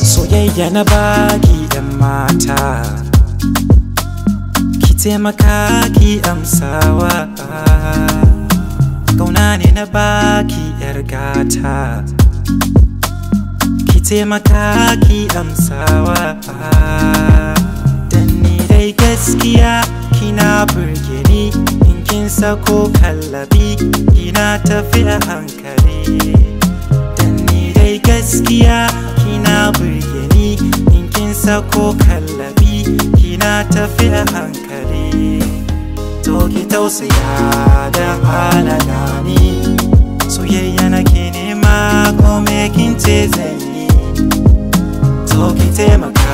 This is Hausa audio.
soyayya na baki yan mata ki taimaka ki amsawa kauna ne na baki yar gata ki taimaka ki amsawa dan ni dai gaskiya kina burge sako kallabi kina tafi a hankali dan ni dai gaskiya kina burge ni in kin sako kallabi kina tafi a hankali to ki tausaya da da ni soyayya nake nema ko me kin ce zan yi to ki taimaka